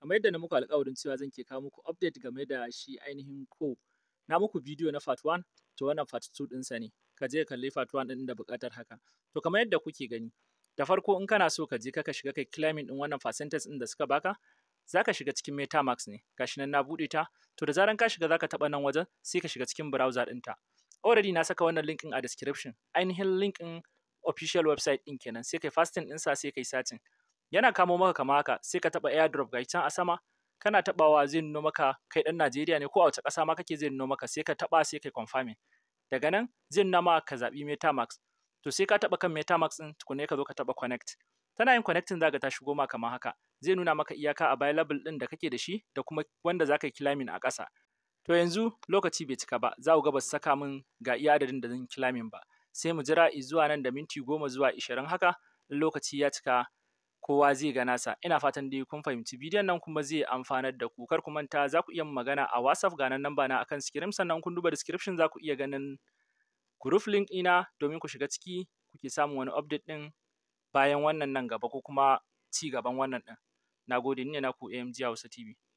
kamar yadda na muku alƙawarin cewa zan ke kawo muku update game da shi ainihin ko na muku bidiyo na part 1 to wannan part 2 ɗinsa ne ka je ka kalli part 1 ɗin da buƙatar haka to kamar yadda kuke gani da farko in kana so ka je ka shiga kai climbing ɗin wannan percentage ɗin da suka baka za ka shiga cikin metamax ne gashi nan na buɗe ta to da zaran ka shiga za ka taɓa nan wajen sai ka shiga cikin browser ɗinta already na saka wannan link a description ainihin link ɗin official website ɗin kenan sai kai fasting ɗinsa sai kai satin yana kamo maka kama haka sai ka taɓa airdrop ga can a sama kana taɓawa zai nuno maka kai ɗan Najeriya ne ko a wace ƙasa ma kake zai nuno maka sai ka taɓa sai kai confirming daga nan zai nuna ma ka zaɓi metamax to sai ka taɓa kan metamax ɗin tukunne ka zo ka taɓa connect tana yin connecting zaka ta shigo maka kama haka zai nuna maka iyaka available ɗin da kake da shi da kuma wanda zaka yi climbing a ƙasa to yanzu lokaci bai cika ba za ku ga ba su saka min ga iya adadin da zan climbing ba sai mu jira zuwa nan da minti goma zuwa ishirin haka lokaci ya cika kowa zai ga nasa ina fatan dai kun fahimci bidiyon nan kuma zai amfanar da ku kar ku manta za ku iya magana a whatsapp ga nan namba na akan screen sannan kun duba description za ku iya ganin group link ina domin ku shiga ciki kuke samun wani update din bayan wannan nan gaba ko kuma ci gaban wannan din nagode ni ne naku AMG Hausa TV